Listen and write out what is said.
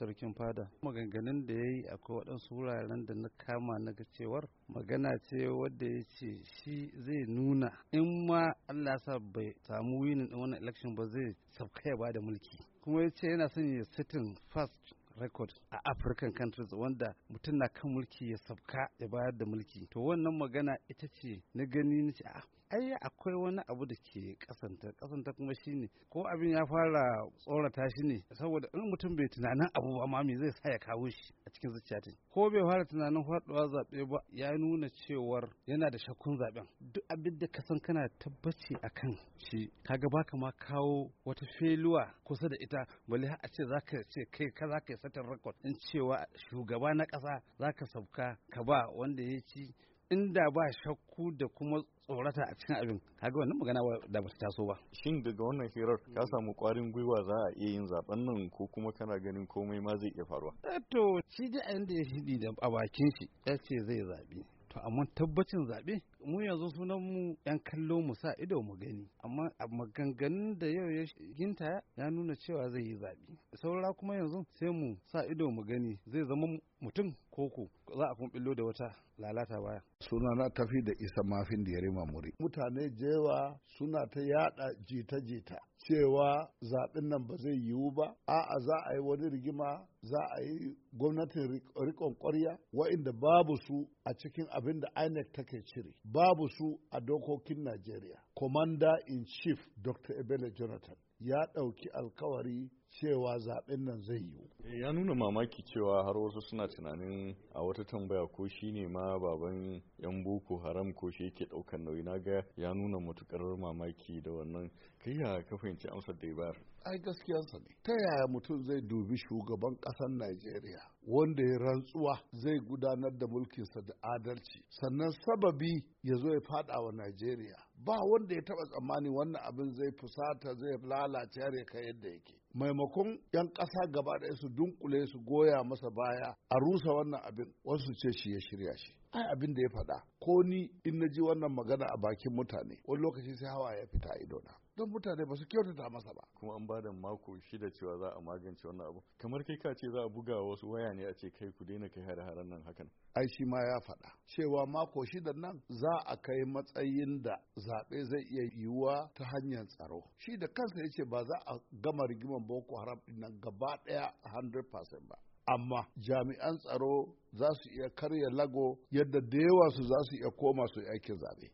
sarkin fada maganganun da ya yi akwai waɗansu wuraren da na kama na ga cewar magana ce wadda ya ce shi zai nuna in ma allah sa bai samu winin in wannan election ba zai sabka ya ba da mulki kuma ya ce yana son ya sitin fast records a african countries wanda mutum na kan mulki ya sabka ya bayar da mulki to wannan magana ita ce na gani na ce ah, ai akwai wani abu da ke kasanta kasanta kuma shine ko abin ya fara tsorata shi ne saboda in mutum bai tunanin abu ba mami zai sa ya kawo shi a cikin zuciya ko bai fara tunanin faduwa zaɓe ba ya nuna cewar yana da shakkun zaɓen duk abin da ka san kana tabbaci a kan shi kaga baka ma kawo wata feluwa kusa da ita bale a ce zaka kai ka zaka sakatar rekod in cewa shugaba na ƙasa za ka sauka ka ba wanda ya ci inda ba shakku da kuma tsorata a cikin abin kaga wannan magana da bata taso ba shin daga wannan hirar ka samu kwarin gwiwa za a iya yin zaben nan ko kuma kana ganin komai ma zai iya faruwa eh to shi da inda ya hidi da a bakin shi ya ce zai zabi to amma tabbacin zabe mu yanzu sunan mu yan kallo mu sa ido mu gani amma a maganganun da yau ya ginta ya nuna cewa zai yi zaɓi saura kuma yanzu sai mu sa ido mu gani zai zama mutum koko za a kuma billo da wata lalata baya suna na tafi da isa mafin da ya rima muri mutane jewa suna ta yada jita-jita cewa zaɓen nan ba zai yiwu ba a'a za a yi wani rigima za a yi gwamnatin rikon ƙwarya wa'inda babu su a cikin abin da inec take cire babu su a dokokin Najeriya. Commander in Chief Dr. Ebele Jonathan ya ɗauki alkawari cewa zaɓen nan zai yiwu. Eh, ya nuna mamaki cewa har wasu suna tunanin a wata tambaya ko shi ne ma baban yan boko haram ko shi yake ɗaukan nauyi na ga ya nuna matukar mamaki da wannan kai ya ka fahimci amsar da bayar. ai gaskiyarsa ne ta yaya mutum zai dubi shugaban ƙasar najeriya wanda ya rantsuwa zai gudanar da mulkinsa da adalci sannan sababi ya zo ya faɗa wa najeriya ba wanda ya taba tsammani wannan abin zai fusata zai lalace har ya kai yadda yake maimakon 'yan ƙasa gaba ɗaya su dunkule su goya masa baya a rusa wannan abin wasu ce shi ya shirya shi ai abin da ya faɗa ko ni in na ji wannan magana a bakin mutane wani lokaci sai hawa ya fita idona don mutane ba su kyautata masa ba kuma an bada mako shida cewa za a magance wannan abu kamar kai ka ce za a buga wasu waya ne a ce kai ku daina kai hare haren nan hakan ai shi ma ya faɗa cewa mako shidan nan za a kai matsayin da zaɓe zai iya yiwuwa ta hanyar tsaro shi da kansa ya ce ba za a gama rigima musamman boko haram din nan gaba daya 100% ba amma jami'an tsaro za su iya karya lago yadda da yawa su za su iya koma su aikin zaɓe